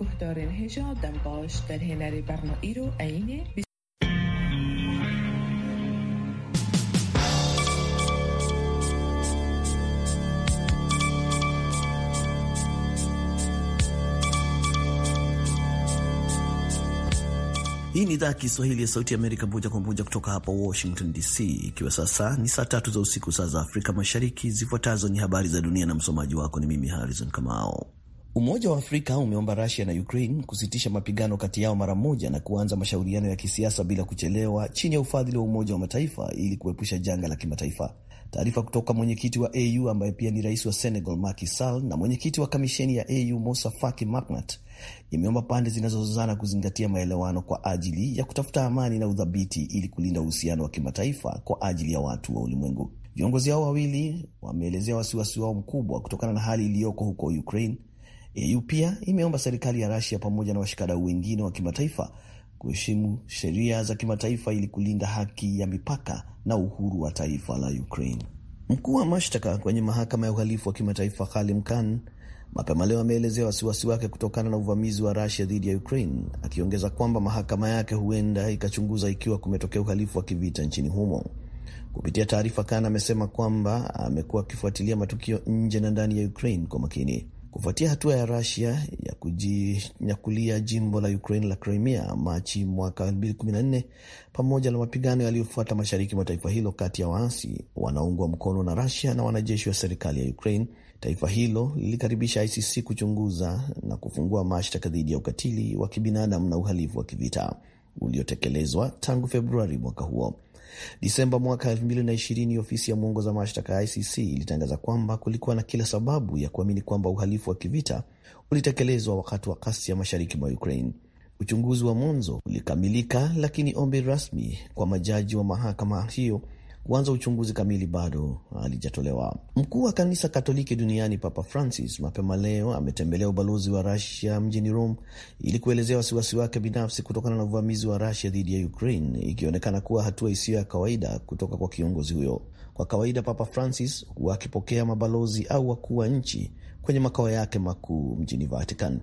گهدارین هژا دنباش در هنری برنائی رو عینه Hii ni idhaa ya Kiswahili ya Sauti ya Amerika moja kwa moja kutoka hapa Washington DC, ikiwa sasa ni saa tatu za usiku, saa za Afrika Mashariki. Zifuatazo ni habari za dunia na msomaji wako ni mimi Harrison Kamao. Umoja wa Afrika umeomba Rusia na Ukraine kusitisha mapigano kati yao mara moja na kuanza mashauriano ya kisiasa bila kuchelewa chini ya ufadhili wa Umoja wa Mataifa ili kuepusha janga la kimataifa. Taarifa kutoka mwenyekiti wa AU ambaye pia ni rais wa Senegal Macky Sall na mwenyekiti wa kamisheni ya AU Moussa Faki Mahamat imeomba pande zinazozozana kuzingatia maelewano kwa ajili ya kutafuta amani na udhabiti ili kulinda uhusiano wa kimataifa kwa ajili ya watu wa ulimwengu. Viongozi hao wawili wameelezea wasiwasi wao mkubwa kutokana na hali iliyoko huko Ukraine EU pia imeomba serikali ya Russia pamoja na washikadau wengine wa kimataifa kuheshimu sheria za kimataifa ili kulinda haki ya mipaka na uhuru wa taifa la Ukraine. Mkuu wa mashtaka kwenye mahakama ya uhalifu wa kimataifa Halim Khan mapema leo ameelezea wasiwasi wake kutokana na uvamizi wa Rusia dhidi ya Ukraine, akiongeza kwamba mahakama yake huenda ikachunguza ikiwa kumetokea uhalifu wa kivita nchini humo. Kupitia taarifa, Khan amesema kwamba amekuwa akifuatilia matukio nje na ndani ya Ukraine kwa makini kufuatia hatua ya Rusia ya kujinyakulia jimbo la Ukraine la Crimea Machi mwaka 2014 pamoja na mapigano yaliyofuata mashariki mwa taifa hilo kati ya waasi wanaungwa mkono na Rusia na wanajeshi wa serikali ya Ukraine. Taifa hilo lilikaribisha ICC kuchunguza na kufungua mashtaka dhidi ya ukatili wa kibinadamu na uhalifu wa kivita uliotekelezwa tangu Februari mwaka huo. Disemba mwaka 2020, ofisi ya mwongoza mashtaka ya ICC ilitangaza kwamba kulikuwa na kila sababu ya kuamini kwamba uhalifu wa kivita ulitekelezwa wakati wa kasi ya mashariki mwa Ukraine. Uchunguzi wa mwanzo ulikamilika, lakini ombi rasmi kwa majaji wa mahakama hiyo kuanza uchunguzi kamili bado halijatolewa. Mkuu wa kanisa Katoliki duniani Papa Francis mapema leo ametembelea ubalozi wa Rusia mjini Rome ili kuelezea wasiwasi wake binafsi kutokana na uvamizi wa Rusia dhidi ya Ukraine, ikionekana kuwa hatua isiyo ya kawaida kutoka kwa kiongozi huyo. Kwa kawaida, Papa Francis huwa akipokea mabalozi au wakuu wa nchi kwenye makao yake makuu mjini Vatican.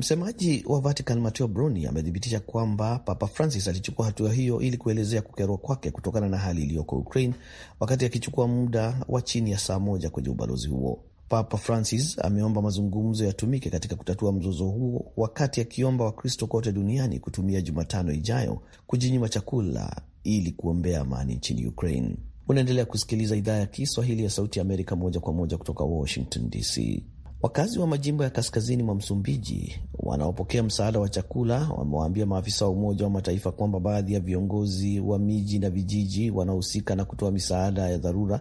Msemaji wa Vatican Mateo Bruni amethibitisha kwamba Papa Francis alichukua hatua hiyo ili kuelezea kukerwa kwake kutokana na hali iliyoko Ukraine, wakati akichukua muda wa chini ya saa moja kwenye ubalozi huo. Papa Francis ameomba mazungumzo yatumike katika kutatua mzozo huo, wakati akiomba Wakristo kote duniani kutumia Jumatano ijayo kujinyima chakula ili kuombea amani nchini Ukraine. Unaendelea kusikiliza idhaa ya Kiswahili ya Sauti ya Amerika moja kwa moja kutoka Washington DC. Wakazi wa majimbo ya kaskazini mwa Msumbiji wanaopokea msaada wa chakula wamewaambia maafisa wa Umoja wa Mataifa kwamba baadhi ya viongozi wa miji na vijiji wanaohusika na kutoa misaada ya dharura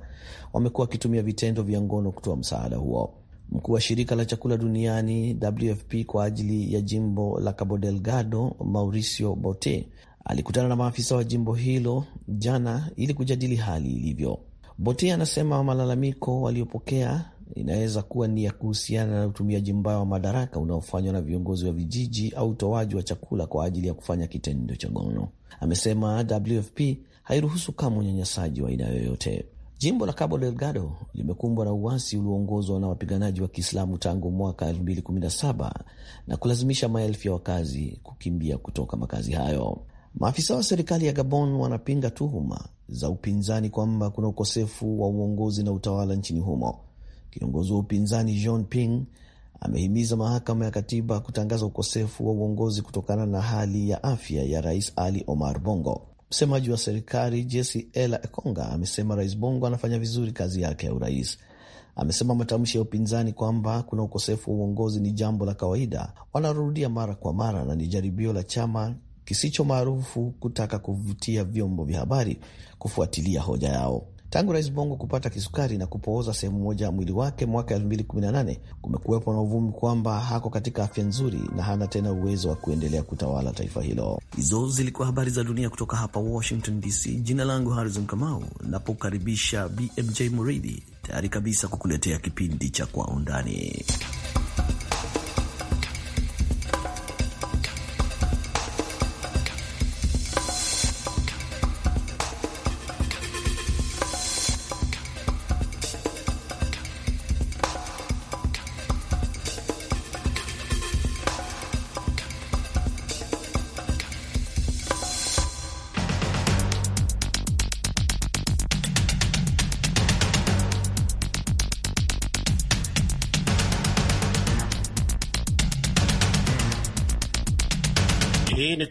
wamekuwa wakitumia vitendo vya ngono kutoa msaada huo. Mkuu wa shirika la chakula duniani WFP kwa ajili ya jimbo la Cabo Delgado, Mauricio Bote, alikutana na maafisa wa jimbo hilo jana ili kujadili hali ilivyo. Bote anasema malalamiko waliopokea inaweza kuwa ni ya kuhusiana na utumiaji mbaya wa madaraka unaofanywa na viongozi wa vijiji au utoaji wa chakula kwa ajili ya kufanya kitendo cha ngono. Amesema WFP hairuhusu kama unyanyasaji wa aina yoyote. Jimbo la Cabo Delgado limekumbwa na uasi ulioongozwa na wapiganaji wa Kiislamu tangu mwaka 2017 na kulazimisha maelfu ya wakazi kukimbia kutoka makazi hayo. Maafisa wa serikali ya Gabon wanapinga tuhuma za upinzani kwamba kuna ukosefu wa uongozi na utawala nchini humo Kiongozi wa upinzani John Ping amehimiza mahakama ya katiba kutangaza ukosefu wa uongozi kutokana na hali ya afya ya rais Ali Omar Bongo. Msemaji wa serikali Jesse Ela Ekonga amesema rais Bongo anafanya vizuri kazi yake ya urais. Amesema matamshi ya upinzani kwamba kuna ukosefu wa uongozi ni jambo la kawaida wanarudia mara kwa mara na ni jaribio la chama kisicho maarufu kutaka kuvutia vyombo vya habari kufuatilia hoja yao. Tangu Rais Bongo kupata kisukari na kupooza sehemu moja ya mwili wake mwaka 2018 kumekuwepo na uvumi kwamba hako katika afya nzuri na hana tena uwezo wa kuendelea kutawala taifa hilo. Hizo zilikuwa habari za dunia kutoka hapa Washington DC. Jina langu Harrison Kamau, napokaribisha BMJ Muridhi tayari kabisa kukuletea kipindi cha Kwa Undani.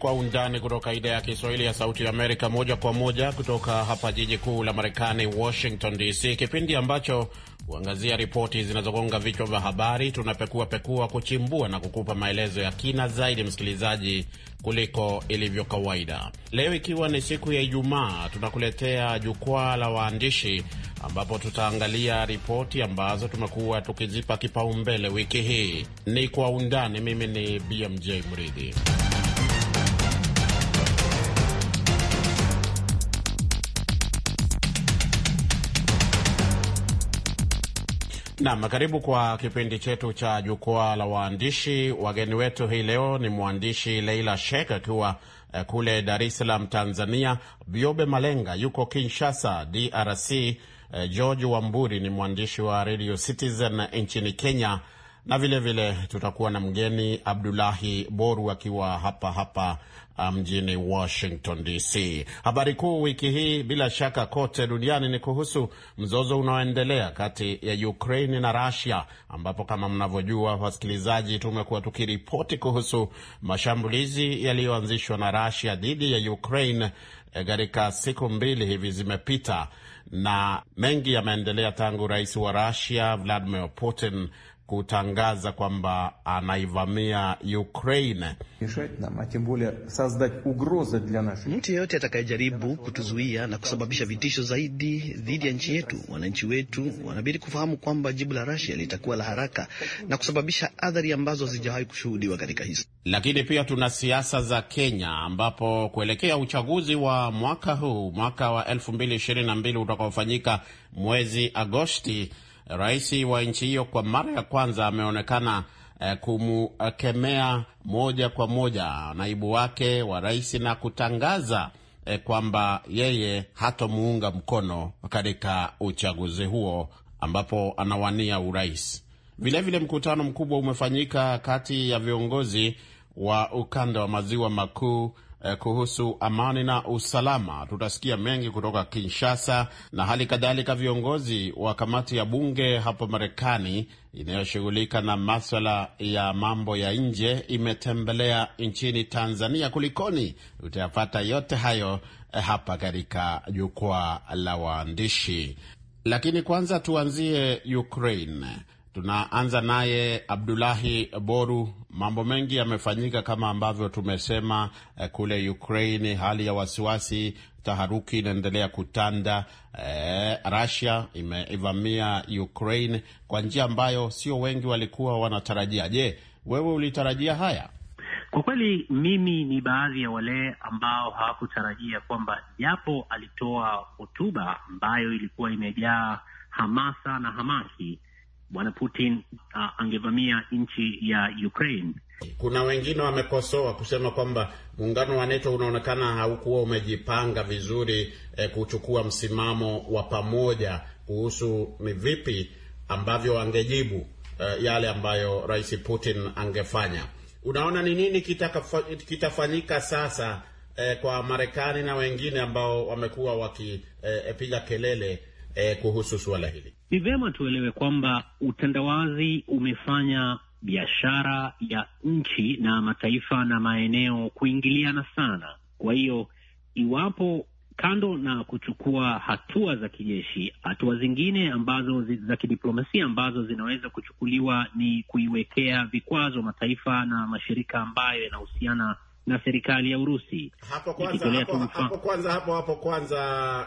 Kwa Undani kutoka idhaa ya Kiswahili ya Sauti ya Amerika, moja kwa moja kutoka hapa jiji kuu la Marekani, Washington DC, kipindi ambacho huangazia ripoti zinazogonga vichwa vya habari. Tunapekua pekua, kuchimbua na kukupa maelezo ya kina zaidi, msikilizaji, kuliko ilivyo kawaida. Leo ikiwa ni siku ya Ijumaa, tunakuletea jukwaa la waandishi, ambapo tutaangalia ripoti ambazo tumekuwa tukizipa kipaumbele wiki hii. Ni Kwa Undani. Mimi ni BMJ Mridhi. Nam, karibu kwa kipindi chetu cha jukwaa la waandishi. Wageni wetu hii leo ni mwandishi Leila Sheikh akiwa eh, kule Dar es Salaam, Tanzania. Biobe Malenga yuko Kinshasa, DRC. Eh, George Wamburi ni mwandishi wa Radio Citizen nchini Kenya, na vilevile vile tutakuwa na mgeni Abdulahi Boru akiwa hapa hapa Ah, mjini Washington DC. Habari kuu wiki hii bila shaka kote duniani ni kuhusu mzozo unaoendelea kati ya Ukraine na Russia, ambapo kama mnavyojua wasikilizaji, tumekuwa tukiripoti kuhusu mashambulizi yaliyoanzishwa na Russia dhidi ya Ukraine eh, katika siku mbili hivi zimepita, na mengi yameendelea tangu rais wa Russia Vladimir Putin kutangaza kwamba anaivamia Ukraine. Mtu yeyote atakayejaribu kutuzuia na kusababisha vitisho zaidi dhidi ya nchi yetu, wananchi wetu wanabidi kufahamu kwamba jibu la Russia litakuwa la haraka na kusababisha athari ambazo hazijawahi kushuhudiwa katika historia. Lakini pia tuna siasa za Kenya, ambapo kuelekea uchaguzi wa mwaka huu, mwaka wa 2022 utakaofanyika mwezi Agosti rais wa nchi hiyo kwa mara ya kwanza ameonekana eh, kumkemea moja kwa moja naibu wake wa rais na kutangaza eh, kwamba yeye hatomuunga mkono katika uchaguzi huo ambapo anawania urais. Vilevile, mkutano mkubwa umefanyika kati ya viongozi wa ukanda wa maziwa makuu eh, kuhusu amani na usalama. Tutasikia mengi kutoka Kinshasa na hali kadhalika viongozi wa kamati ya bunge hapa Marekani inayoshughulika na maswala ya mambo ya nje imetembelea nchini Tanzania. Kulikoni? Utayapata yote hayo eh, hapa katika jukwaa la waandishi, lakini kwanza tuanzie Ukraine. Tunaanza naye Abdulahi Boru. Mambo mengi yamefanyika kama ambavyo tumesema eh, kule Ukraine, hali ya wasiwasi, taharuki inaendelea kutanda. Eh, Russia imeivamia Ukraine kwa njia ambayo sio wengi walikuwa wanatarajia. Je, wewe ulitarajia haya? Kwa kweli mimi ni baadhi ya wale ambao hawakutarajia kwamba, japo alitoa hotuba ambayo ilikuwa imejaa hamasa na hamaki bwana Putin uh, angevamia nchi ya Ukraine. Kuna wengine wamekosoa kusema kwamba muungano wa NATO unaonekana haukuwa umejipanga vizuri eh, kuchukua msimamo wa pamoja kuhusu ni vipi ambavyo wangejibu eh, yale ambayo Rais Putin angefanya. Unaona ni nini kitafanyika kita sasa eh, kwa Marekani na wengine ambao wamekuwa wakipiga eh, kelele eh, kuhusu suala hili? Ni vyema tuelewe kwamba utandawazi umefanya biashara ya nchi na mataifa na maeneo kuingiliana sana. Kwa hiyo iwapo kando na kuchukua hatua za kijeshi, hatua zingine ambazo za kidiplomasia ambazo zinaweza kuchukuliwa ni kuiwekea vikwazo mataifa na mashirika ambayo yanahusiana na serikali ya Urusi. Hapo kwanza hapo, hapo kwanza hapo hapo kwanza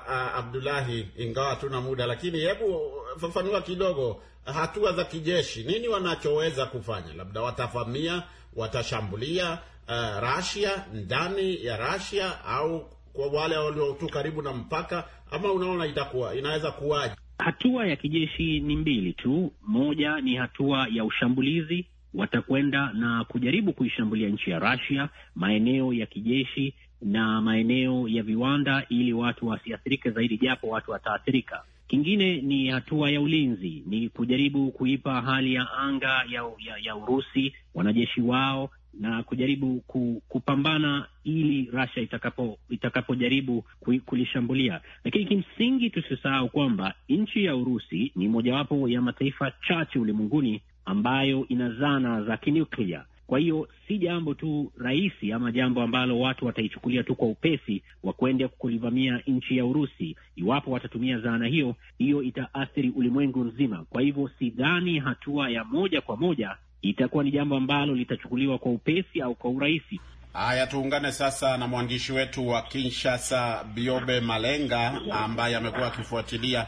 uh, Abdulahi, ingawa hatuna muda, lakini hebu fafanua kidogo hatua za kijeshi, nini wanachoweza kufanya? Labda watavamia, watashambulia uh, Russia, ndani ya Russia au kwa wale walio tu karibu na mpaka, ama unaona itakuwa inaweza kuwaje? Hatua ya kijeshi ni mbili tu, moja ni hatua ya ushambulizi watakwenda na kujaribu kuishambulia nchi ya Russia, maeneo ya kijeshi na maeneo ya viwanda, ili watu wasiathirike zaidi, japo watu wataathirika. Kingine ni hatua ya ulinzi, ni kujaribu kuipa hali ya anga ya, ya, ya Urusi wanajeshi wao na kujaribu ku, kupambana ili Russia itakapo itakapojaribu kulishambulia. Lakini kimsingi tusisahau kwamba nchi ya Urusi ni mojawapo ya mataifa chache ulimwenguni ambayo ina zana za kinuklia. Kwa hiyo si jambo tu rahisi ama jambo ambalo watu wataichukulia tu kwa upesi wa kwenda kulivamia nchi ya Urusi. Iwapo watatumia zana hiyo, hiyo itaathiri ulimwengu mzima. Kwa hivyo sidhani hatua ya moja kwa moja itakuwa ni jambo ambalo litachukuliwa kwa upesi au kwa urahisi. Haya, tuungane sasa na mwandishi wetu wa Kinshasa, Biobe Malenga, ambaye amekuwa akifuatilia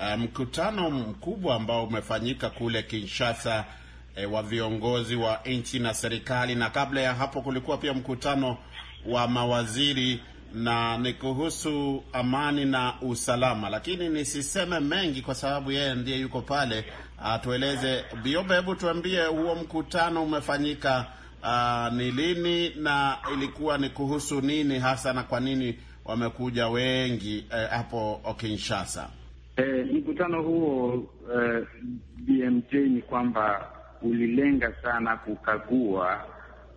Eh, mkutano mkubwa ambao umefanyika kule Kinshasa e, wa viongozi wa nchi na serikali, na kabla ya hapo kulikuwa pia mkutano wa mawaziri na ni kuhusu amani na usalama, lakini nisiseme mengi kwa sababu yeye ndiye yuko pale atueleze. Ah, Biobe, hebu tuambie huo mkutano umefanyika uh, ni lini na ilikuwa ni kuhusu nini hasa, na kwa nini wamekuja wengi eh, hapo Kinshasa? Eh, mkutano huo eh, BMJ ni kwamba ulilenga sana kukagua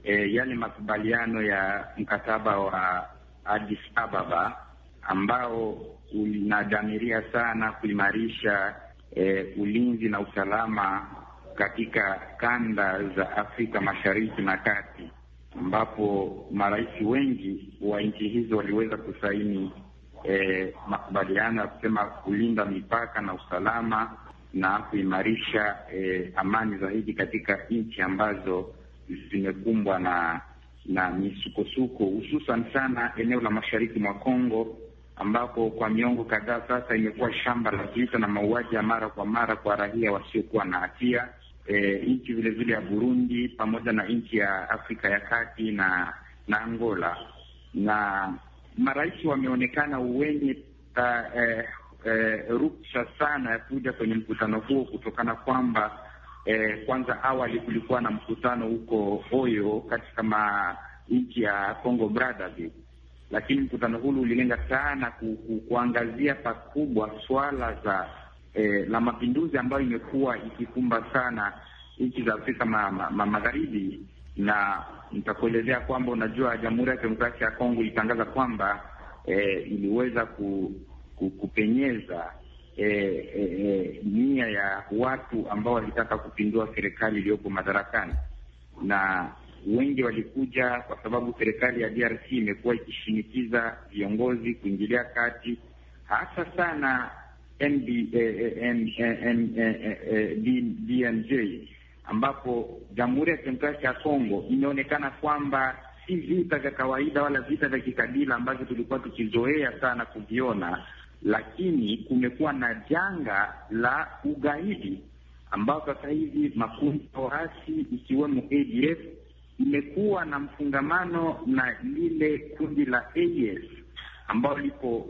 eh, yale makubaliano ya mkataba wa Addis Ababa ambao ulinadhamiria sana kuimarisha eh, ulinzi na usalama katika kanda za Afrika Mashariki na Kati ambapo marais wengi wa nchi hizo waliweza kusaini eh, makubaliano ya kusema kulinda mipaka na usalama na kuimarisha eh, amani zaidi katika nchi ambazo zimekumbwa na na misukosuko, hususan sana eneo la mashariki mwa Kongo ambapo kwa miongo kadhaa sasa imekuwa shamba la vita na mauaji ya mara kwa mara kwa raia wasiokuwa na hatia. E, nchi vile vile ya Burundi pamoja na nchi ya Afrika ya Kati na na Angola na marais wameonekana wenye uh, uh, uh, ruksa sana ya kuja kwenye mkutano huo kutokana kwamba uh, kwanza awali kulikuwa na mkutano huko Oyo katika nchi ya Congo Brazzaville, lakini mkutano huu ulilenga sana ku, ku, kuangazia pakubwa swala za eh, la mapinduzi ambayo imekuwa ikikumba sana nchi za Afrika ma, ma, ma, magharibi na nitakuelezea kwamba unajua, Jamhuri ya Kidemokrasia ya Kongo ilitangaza kwamba e, iliweza ku, ku, kupenyeza e, e, nia ya watu ambao walitaka kupindua serikali iliyopo madarakani, na wengi walikuja kwa sababu serikali ya DRC imekuwa ikishinikiza viongozi kuingilia kati, hasa sana DNJ DMJ ambapo Jamhuri ya Kidemokrasia ya Kongo imeonekana kwamba si vita vya kawaida wala vita vya kikabila ambavyo tulikuwa tukizoea sana kuviona, lakini kumekuwa na janga la ugaidi ambao sasa hivi makundi ya waasi ikiwemo ADF imekuwa na mfungamano na lile kundi la AS ambao lipo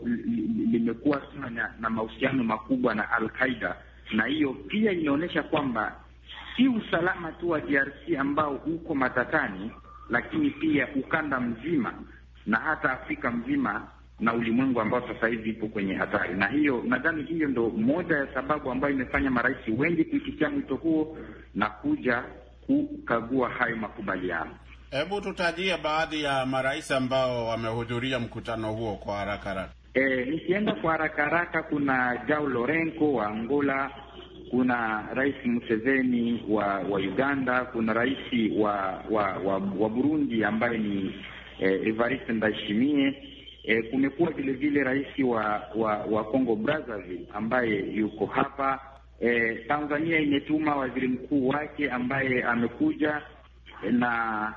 limekuwa sana na, na mahusiano makubwa na al Qaida, na hiyo pia inaonyesha kwamba si usalama tu wa DRC ambao uko matatani, lakini pia ukanda mzima na hata Afrika mzima na ulimwengu ambao sasa hivi ipo kwenye hatari. Na hiyo nadhani hiyo ndo moja ya sababu ambayo imefanya marais wengi kuitikia mwito huo na kuja kukagua hayo makubaliano. Hebu tutajie baadhi ya marais ambao wamehudhuria mkutano huo kwa haraka haraka. E, nikienda kwa haraka haraka, kuna jao lorenko wa Angola, kuna Rais Museveni wa wa Uganda, kuna rais wa wa, wa, wa Burundi ambaye ni eh, Evariste Ndayishimiye. Eh, kumekuwa vile vile rais wa wa, wa Congo Brazzaville ambaye yuko hapa eh, Tanzania imetuma waziri mkuu wake ambaye amekuja na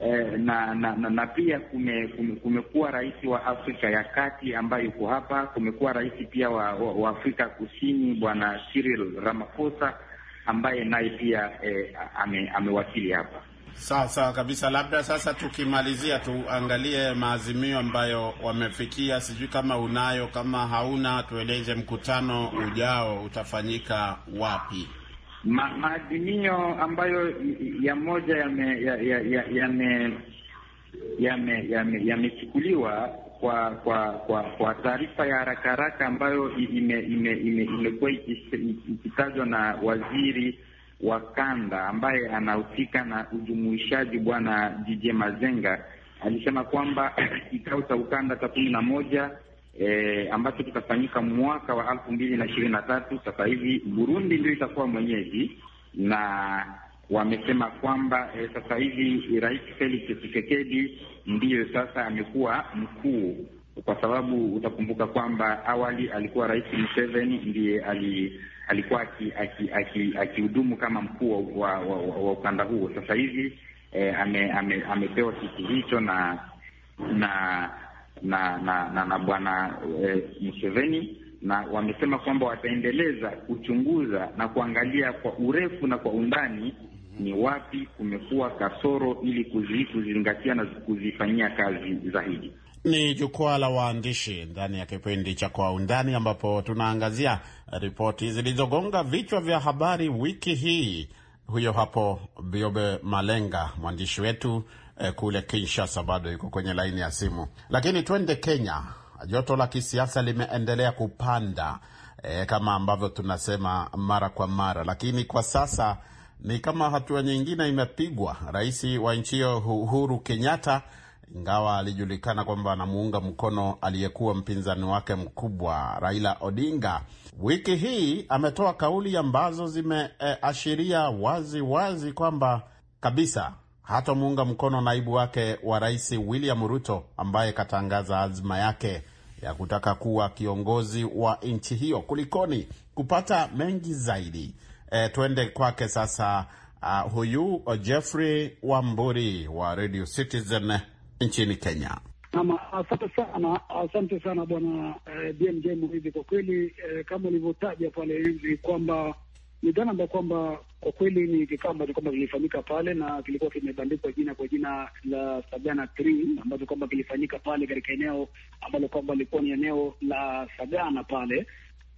eh, na, na, na na pia kume, kume, kumekuwa rais wa Afrika ya Kati ambaye yuko hapa. Kumekuwa rais pia wa, wa, wa Afrika Kusini bwana Cyril Ramaphosa ambaye naye pia eh, ame, amewasili hapa. Sawa sawa kabisa. Labda sasa tukimalizia, tuangalie maazimio ambayo wamefikia. Sijui kama unayo, kama hauna tueleze, mkutano ujao utafanyika wapi? ma, maadhimio ambayo ya moja yamechukuliwa kwa kwa kwa kwa taarifa ya haraka haraka ambayo imekuwa ime, ime, ime ikitajwa na waziri wa kanda ambaye anahusika na ujumuishaji Bwana Jije Mazenga alisema kwamba kikao cha ukanda cha kumi na moja e, ambacho kitafanyika mwaka wa elfu mbili na ishirini na tatu. Sasa hivi Burundi ndio itakuwa mwenyeji na wamesema kwamba e, sasa hivi Rais Felix Tshisekedi ndiyo sasa amekuwa mkuu, kwa sababu utakumbuka kwamba awali alikuwa Rais Museveni ndiye ali, alikuwa akihudumu aki, aki, aki kama mkuu wa, wa, wa, wa ukanda huo. Sasa hivi e, ame, ame, amepewa kiti hicho na na na na, na, na bwana e, Museveni na wamesema kwamba wataendeleza kuchunguza na kuangalia kwa urefu na kwa undani ni wapi kumekuwa kasoro ili kuzingatia na kuzifanyia kazi zaidi. Ni jukwaa la waandishi ndani ya kipindi cha Kwa Undani, ambapo tunaangazia ripoti zilizogonga vichwa vya habari wiki hii. Huyo hapo Biobe Malenga, mwandishi wetu eh, kule Kinshasa. Bado yuko kwenye laini ya simu, lakini twende Kenya. Joto la kisiasa limeendelea kupanda eh, kama ambavyo tunasema mara kwa mara, lakini kwa sasa ni kama hatua nyingine imepigwa. Rais wa nchi hiyo Uhuru Kenyatta, ingawa alijulikana kwamba anamuunga mkono aliyekuwa mpinzani wake mkubwa Raila Odinga, wiki hii ametoa kauli ambazo zimeashiria eh, e, wazi wazi kwamba kabisa hatamuunga mkono naibu wake wa rais William Ruto ambaye katangaza azma yake ya kutaka kuwa kiongozi wa nchi hiyo. Kulikoni? Kupata mengi zaidi, e, twende kwake sasa. Uh, huyu Jeffrey Wamburi wa Radio Citizen nchini Kenya. Ama, asante sana, asante sana bwana eh, BMJ mhivi Kwa kweli eh, kama ulivyotaja pale hivi kwamba ni dhana ambayo kwamba kwa kweli ni kikao ambacho kwamba kilifanyika pale na kilikuwa kimebandikwa jina kwa jina la Sagana Three ambacho kwamba kilifanyika pale katika eneo ambalo kwamba likuwa ni eneo la Sagana pale,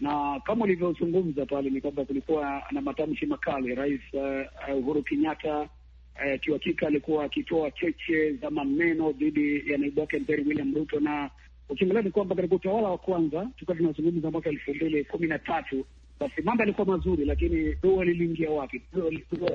na kama ulivyozungumza pale ni kwamba kulikuwa na matamshi makali. Rais uh, Uhuru Kenyatta uh, kiwakika alikuwa akitoa cheche za maneno dhidi ya naibu wake mperi William Ruto, na ukiangalia ni kwamba katika utawala wa kwanza tukiwa tunazungumza mwaka elfu mbili kumi na tatu basi mambo yalikuwa mazuri, lakini dua liliingia wapi? Dua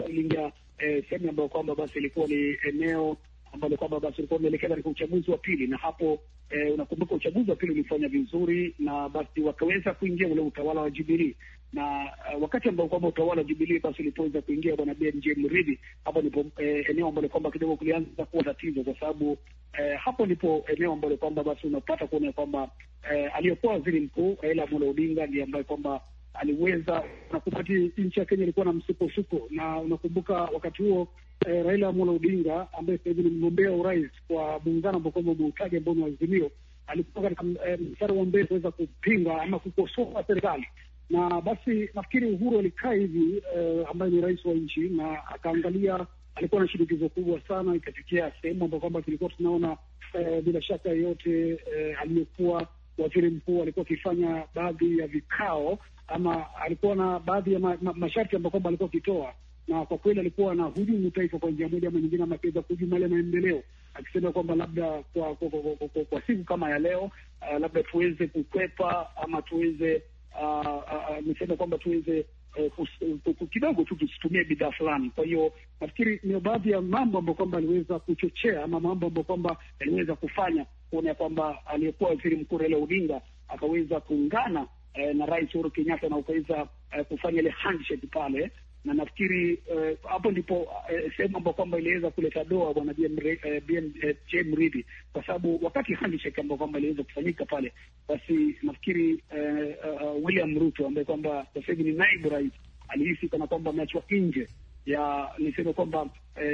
liliingia eh, sehemu ambayo kwamba basi ilikuwa ni eneo ambalo kwamba basi ulikuwa umeelekea katika uchaguzi wa pili, na hapo eh, unakumbuka uchaguzi wa pili ulifanya vizuri, na basi wakaweza kuingia ule utawala wa Jubilee na uh, wakati ambao kwamba utawala wa Jubilee basi ulipoweza kuingia bwana BMJ Mridhi, hapo ndipo eh, eneo ambalo kwamba kidogo kulianza kuwa tatizo, kwa sababu eh, hapo ndipo eneo ambalo kwamba basi unapata kuona kwamba eh, aliyokuwa waziri mkuu Raila Amolo Odinga ndiye ambaye kwamba aliweza na nchi ya Kenya ilikuwa na msukosuko, na unakumbuka wakati huo eh, Raila Amolo Odinga ambaye sasa hivi ni mgombea urais kwa muungano ambao kwamba umeutaja ambao ni Azimio, alikuwa katika eh, mstari wa mbele kuweza kupinga ama kukosoa serikali, na basi nafikiri Uhuru alikaa hivi eh, ambaye ni rais wa nchi na akaangalia alikuwa na shinikizo kubwa sana, ikatikia sehemu ambao kwamba tulikuwa tunaona eh, bila shaka yote eh, aliyokuwa waziri mkuu alikuwa akifanya baadhi ya vikao ama alikuwa na baadhi ya ma, ma, masharti ambayo kwamba alikuwa akitoa, na kwa kweli alikuwa na hujumu taifa kwa njia moja ama nyingine, ama akiweza kuhujumu yale maendeleo, akisema kwamba labda kwa, kwa, kwa, kwa, kwa siku kama ya leo uh, labda tuweze kukwepa ama tuweze uh, uh, uh, kwamba tuweze eh, kidogo tu tusitumie bidhaa fulani. Kwa hiyo nafikiri ni baadhi ya mambo ambayo kwamba aliweza kuchochea ama mambo ambayo kwamba aliweza kufanya kuona ya kwamba aliyekuwa waziri mkuu Raila Odinga akaweza kuungana eh, na Rais Uhuru Kenyatta na ukaweza eh, kufanya ile handshake pale na nafikiri eh, hapo uh, ndipo uh, sehemu ambayo kwamba iliweza kuleta doa bwana BMJ Mridhi eh, kwa sababu wakati handshake ambayo kwamba iliweza kufanyika pale, basi nafikiri uh, uh, William Ruto ambaye kwamba sasa hivi ni naibu rais alihisi kana kwamba ameachwa nje ya niseme kwamba uh,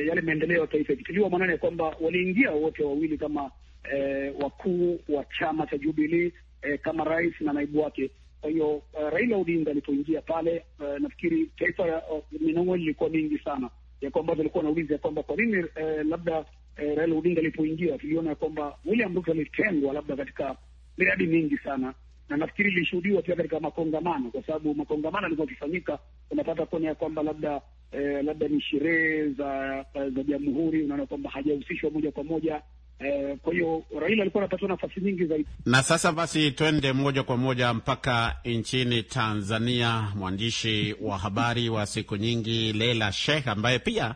yale maendeleo ya taifa, ikitiliwa maanani ya kwamba waliingia wote wawili kama uh, wakuu wa chama cha Jubilee uh, kama rais na naibu wake kwa hiyo uh, Raila Odinga alipoingia pale uh, nafikiri taifa uh, minong'oni ilikuwa mingi sana ya kwamba walikuwa wanauliza ya kwamba kwa nini uh, labda uh, Raila Odinga alipoingia tuliona ya kwamba William Ruto alitengwa labda katika miradi mingi sana na nafikiri ilishuhudiwa pia katika makongamano, kwa sababu makongamano yalikuwa akifanyika unapata kuona ya kwamba labda eh, labda ni sherehe za uh, za jamhuri, unaona kwamba hajahusishwa moja kwa moja Eh, kwa hiyo Raila alikuwa anapatiwa nafasi nyingi zaidi. Na sasa basi, twende moja kwa moja mpaka nchini Tanzania. Mwandishi wa habari wa siku nyingi Leila Sheikh ambaye pia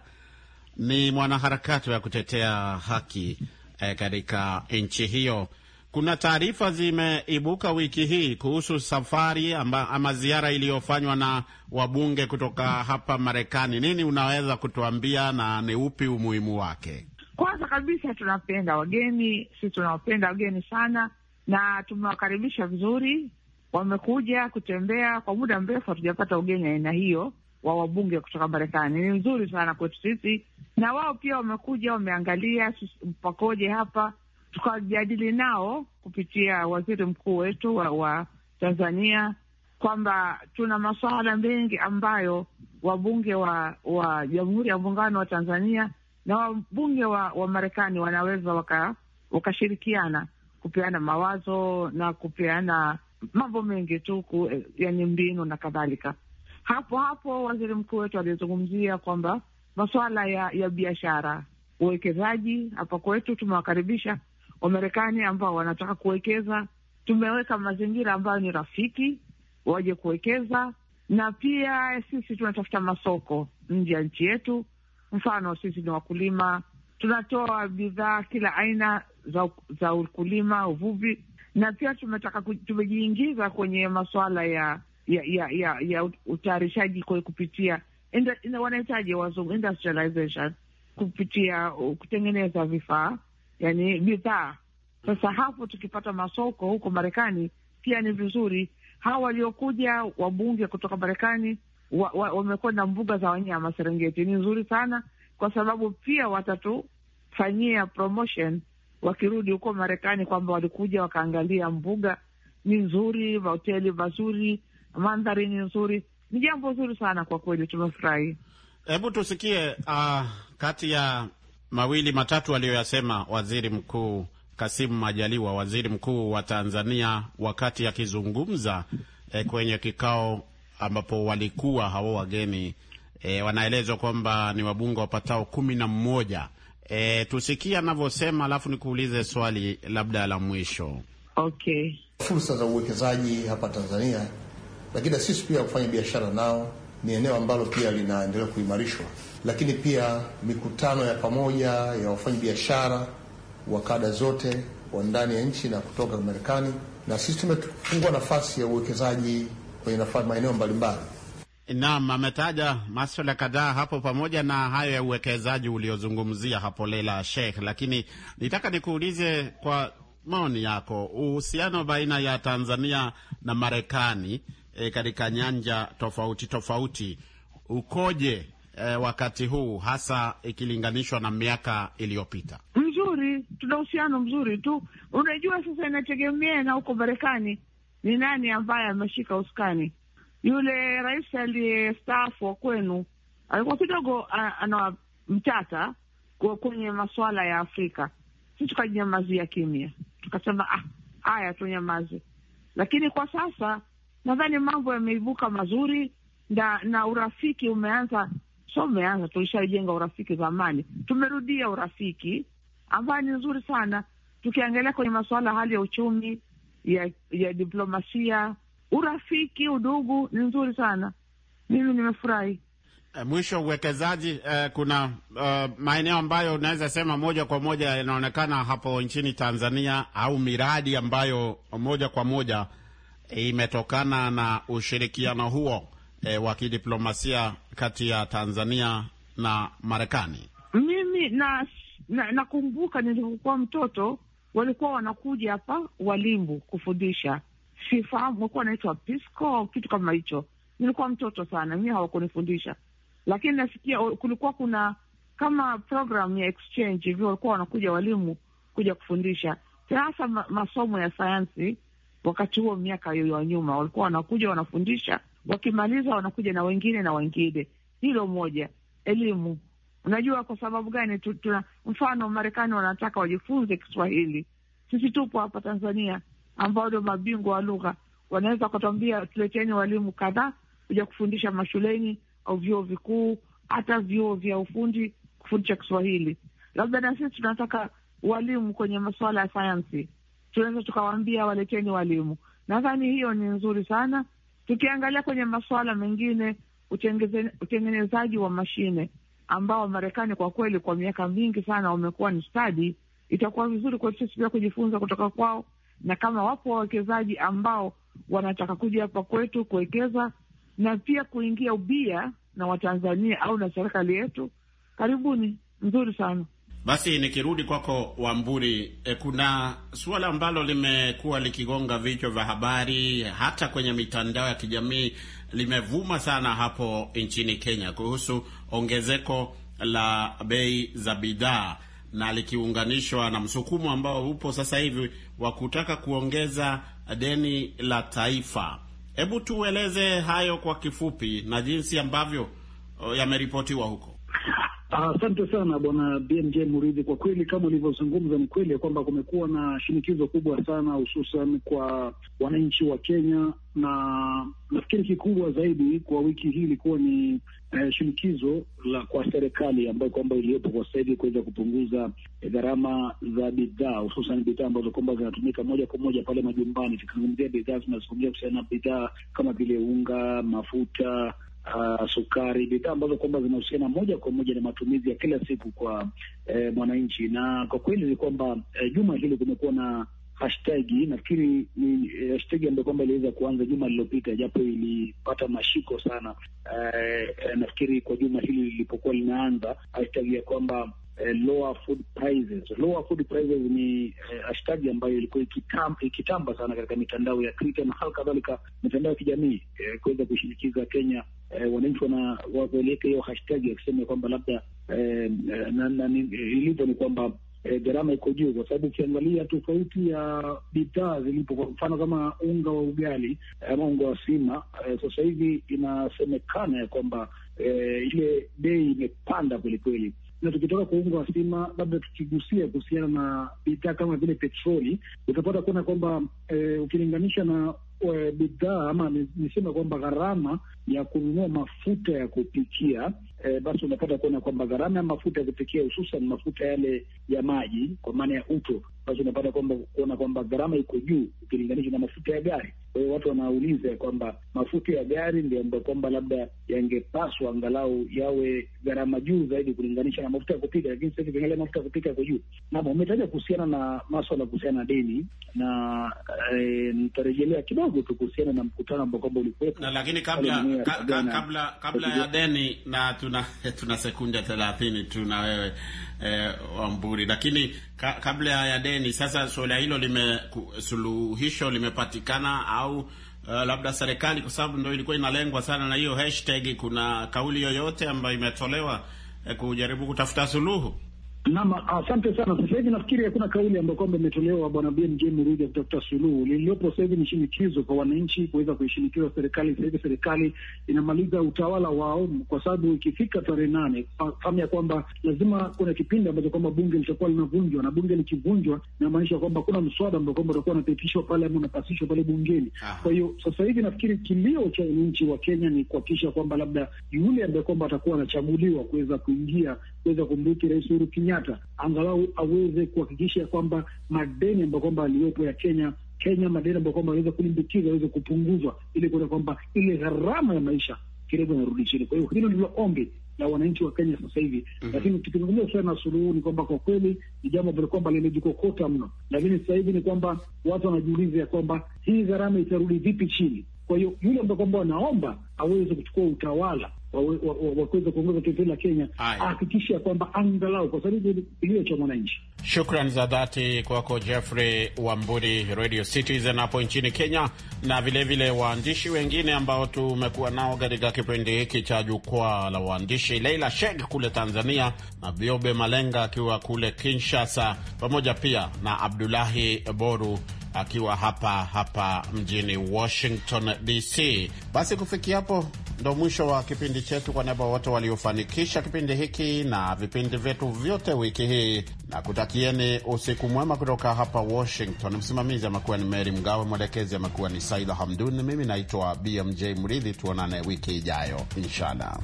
ni mwanaharakati wa kutetea haki eh, katika nchi hiyo, kuna taarifa zimeibuka wiki hii kuhusu safari ama, ama ziara iliyofanywa na wabunge kutoka hapa Marekani. Nini unaweza kutuambia na ni upi umuhimu wake? Kwanza kabisa tunapenda wageni, sisi tunawapenda wageni sana na tumewakaribisha vizuri. Wamekuja kutembea kwa muda mrefu, hatujapata ugeni aina hiyo wa wabunge kutoka Marekani. Ni mzuri sana kwetu sisi, na wao pia wamekuja, wameangalia pakoje hapa, tukajadili nao kupitia waziri mkuu wetu wa, wa Tanzania kwamba tuna masuala mengi ambayo wabunge wa wa Jamhuri ya Muungano wa Tanzania na wabunge wa, wa Marekani wanaweza waka, wakashirikiana kupeana mawazo na kupeana mambo mengi tu, yani mbinu na kadhalika. Hapo hapo waziri mkuu wetu alizungumzia kwamba masuala ya, ya biashara, uwekezaji. Hapa kwetu tumewakaribisha Wamarekani ambao wanataka kuwekeza, tumeweka mazingira ambayo ni rafiki waje kuwekeza, na pia sisi tunatafuta masoko nje ya nchi yetu Mfano, sisi ni wakulima, tunatoa bidhaa kila aina za, za ukulima, uvuvi, na pia tumetaka tumejiingiza kwenye masuala ya ya ya, ya, ya utayarishaji kupitia wanahitaji wazungu industrialization, kupitia kutengeneza vifaa, yani bidhaa. Sasa hapo tukipata masoko huko Marekani pia ni vizuri. Hawa waliokuja wabunge kutoka Marekani wamekwenda wa, wa mbuga za wanyama Serengeti. Ni nzuri sana kwa sababu pia watatufanyia promotion wakirudi huko Marekani kwamba walikuja wakaangalia mbuga ni nzuri, mahoteli mazuri, mandhari ni nzuri. Ni jambo zuri sana kwa kweli, tumefurahi. Hebu tusikie uh, kati ya mawili matatu aliyoyasema Waziri Mkuu Kasimu Majaliwa, waziri mkuu wa Tanzania, wakati akizungumza eh, kwenye kikao ambapo walikuwa hao wageni e, wanaelezwa kwamba ni wabunge wapatao kumi na mmoja. E, tusikie anavyosema, alafu nikuulize swali labda la mwisho. Okay, fursa za uwekezaji hapa Tanzania, lakini sisi pia kufanya biashara nao ni eneo ambalo pia linaendelea kuimarishwa, lakini pia mikutano ya pamoja ya wafanyabiashara wa kada zote wa ndani ya nchi na kutoka Marekani, na sisi tumefungua nafasi ya uwekezaji kwenye nafasi maeneo mbalimbali. Naam, ametaja maswala kadhaa hapo pamoja na hayo ya uwekezaji uliozungumzia hapo Leila Sheikh, lakini nitaka nikuulize kwa maoni yako uhusiano baina ya Tanzania na Marekani e, katika nyanja tofauti tofauti ukoje e, wakati huu hasa ikilinganishwa na miaka iliyopita? Mzuri, tuna uhusiano mzuri tu. Unajua sasa, inategemea na huko Marekani ni nani ambaye ameshika usukani? Yule rais aliyestaafu wa kwenu alikuwa kidogo anamtata kwenye masuala ya Afrika. Si tukanyamazia kimya, tukasema ah, haya tunyamaze. Lakini kwa sasa nadhani mambo yameibuka mazuri na, na urafiki umeanza, so umeanza, tulishajenga urafiki zamani, tumerudia urafiki ambayo ni nzuri sana, tukiangalia kwenye masuala hali ya uchumi ya, ya diplomasia, urafiki, udugu ni nzuri sana. Mimi nimefurahi. Eh, mwisho uwekezaji, eh, kuna eh, maeneo ambayo unaweza sema moja kwa moja yanaonekana hapo nchini Tanzania au miradi ambayo moja kwa moja eh, imetokana na ushirikiano huo eh, wa kidiplomasia kati ya Tanzania na Marekani. Mimi na nakumbuka na nilipokuwa mtoto walikuwa wanakuja hapa Walimbu kufundisha, sifahamu walikuwa wanaitwa Pisco kitu kama hicho. Nilikuwa mtoto sana mi, hawakunifundisha, lakini nasikia kulikuwa kuna kama program ya exchange hivyo, walikuwa wanakuja walimu kuja kufundisha hasa masomo ya sayansi. Wakati huo miaka ya nyuma, walikuwa wanakuja wanafundisha, wakimaliza wanakuja na wengine na wengine. Hilo moja, elimu Unajua kwa sababu gani? Tuna mfano, Marekani wanataka wajifunze Kiswahili. Sisi tupo hapa Tanzania ambao ndio mabingwa wa lugha, wanaweza wakatuambia tuleteni walimu kadhaa kuja kufundisha mashuleni au vyuo vikuu, hata vyuo vya ufundi kufundisha Kiswahili. Labda na sisi tunataka walimu kwenye masuala ya sayansi, tunaweza tukawaambia waleteni walimu. Nadhani hiyo ni nzuri sana. Tukiangalia kwenye masuala mengine, utengenezaji wa mashine ambao Marekani kwa kweli kwa miaka mingi sana wamekuwa ni stadi, itakuwa vizuri kwetu sisi pia kujifunza kutoka kwao, na kama wapo wawekezaji ambao wanataka kuja hapa kwetu kuwekeza na pia kuingia ubia na Watanzania au na serikali yetu, karibuni. Nzuri sana. Basi nikirudi kwako Wamburi, e, kuna suala ambalo limekuwa likigonga vichwa vya habari hata kwenye mitandao ya kijamii limevuma sana hapo nchini Kenya kuhusu ongezeko la bei za bidhaa na likiunganishwa na msukumo ambao upo sasa hivi wa kutaka kuongeza deni la taifa. Hebu tueleze hayo kwa kifupi na jinsi ambavyo oh, yameripotiwa huko. Asante sana bwana BMJ Muridhi. Kwa kweli kama ulivyozungumza, ni kweli ya kwamba kumekuwa na shinikizo kubwa sana, hususan kwa wananchi wa Kenya, na nafikiri kikubwa zaidi kwa wiki hii ilikuwa ni eh, shinikizo la kwa serikali ambayo kwamba iliyopo kwa sasa hivi kuweza kupunguza eh, gharama za bidhaa, hususan bidhaa ambazo kwamba zinatumika moja kwa moja pale majumbani. Tukizungumzia bidhaa, tunazungumzia kuhusiana na bidhaa kama vile unga, mafuta uh, sukari, bidhaa ambazo kwamba zinahusiana moja kwa moja na matumizi ya kila siku kwa eh, mwananchi. Na kwa kweli ni kwamba eh, juma hili kumekuwa na hashtagi nafikiri ni eh, hashtagi ambayo kwamba iliweza kuanza juma lililopita, japo ilipata mashiko sana eh, eh, nafikiri kwa juma hili lilipokuwa linaanza, hashtagi ya kwamba eh, lower food prices. Lower food prices ni eh, hashtagi ambayo ilikuwa ikitamba, ikitamba sana katika mitandao ya Twitter na hali kadhalika mitandao ya kijamii eh, kuweza kushinikiza Kenya eh, wananchi wanawapeleka hiyo hashtag ya kusema kwamba labda eh, ilivyo ni kwamba eh, gharama iko juu, kwa sababu ukiangalia tofauti ya bidhaa zilipo, kwa mfano kama unga wa ugali ama unga wa sima eh, sasa hivi inasemekana ya kwamba eh, ile bei imepanda kwelikweli na tukitoka kwa unga wa sima, labda tukigusia kuhusiana na bidhaa kama vile petroli, utapata kuona kwamba e, ukilinganisha na Eh, bidhaa ama niseme kwamba gharama ya kununua mafuta ya kupikia e, basi unapata kuona kwamba gharama ya mafuta ya kupikia hususan mafuta yale ya maji kwa maana ya uto basi unapata kwamba kuona kwamba gharama iko juu ukilinganisha na mafuta ya gari. Kwa hiyo watu wanauliza kwamba mafuta ya gari ndio ambayo kwamba labda yangepaswa angalau yawe gharama juu zaidi kulinganisha na mafuta ya kupika, lakini sasa ukiangalia mafuta ya kupika yako juu. Naam, umetaja kuhusiana na maswala kuhusiana na deni na e, nitarejelea kidogo tu kuhusiana na mkutano ambao kwamba ulikuwepo na, lakini kabla ka, ka, kabla kabla ya deni na tuna tuna sekunde thelathini tu na wewe eh, Wamburi, lakini Ka, kabla ya deni sasa, suala hilo limesuluhisho limepatikana au uh, labda serikali, kwa sababu ndio ilikuwa inalengwa sana na hiyo hashtag, kuna kauli yoyote ambayo imetolewa eh, kujaribu kutafuta suluhu? Naam, asante sana. Sasa hivi nafikiri hakuna kauli ambayo kwamba imetolewa bwana BMJ Murudi ya kutafuta suluhu. Lililopo sasa hivi ni shinikizo kwa wananchi kuweza kuishinikiza serikali. Sasa hivi serikali inamaliza utawala wao, kwa sababu ikifika tarehe nane, fahamu ya kwamba lazima kuna kipindi ambacho kwamba bunge litakuwa linavunjwa, na bunge likivunjwa, inamaanisha kwamba kuna mswada ambao kwamba utakuwa unapitishwa pale ama unapasishwa pale bungeni. Kwa hiyo sasa hivi nafikiri kilio cha wananchi wa Kenya ni kuhakikisha kwamba labda yule ambaye kwamba atakuwa anachaguliwa kuweza kuingia kuweza kumliki Rais Uhuru Kenyatta, angalau aweze kuhakikisha kwamba madeni ambayo kwamba aliyopo ya Kenya Kenya, madeni ambayo kwamba aweze kulimbikiza aweze kupunguzwa, ili kuona kwamba ile gharama ya maisha kidogo inarudi chini. Kwa hiyo hilo ndilo ombi la wananchi wa Kenya sasa hivi. mm -hmm. Lakini tukizungumzia sana na suluhu, ni kwamba kwa kweli ni jambo ambalo kwamba limejikokota mno, lakini sasa hivi ni kwamba watu wanajiuliza ya kwamba hii gharama itarudi vipi chini. Kwa hiyo yule ambaye kwamba wanaomba aweze kuchukua utawala waweze kuongoza taifa la Kenya, kwamba angalau, kwa sababu kilio cha mwananchi. Shukran za dhati kwako Jeffrey Wamburi, Radio Citizen hapo nchini Kenya, na vilevile waandishi wengine ambao tumekuwa nao katika kipindi hiki cha jukwaa la waandishi, Leila Sheg kule Tanzania na Biobe Malenga akiwa kule Kinshasa, pamoja pia na Abdulahi Boru akiwa hapa hapa mjini Washington DC. Basi kufikia hapo Ndo mwisho wa kipindi chetu. Kwa niaba wote waliofanikisha kipindi hiki na vipindi vyetu vyote wiki hii, na kutakieni usiku mwema kutoka hapa Washington. Msimamizi amekuwa ni Meri Mgawe, mwelekezi amekuwa ni Saida Hamdun, mimi naitwa BMJ Mridhi. Tuonane wiki ijayo inshallah.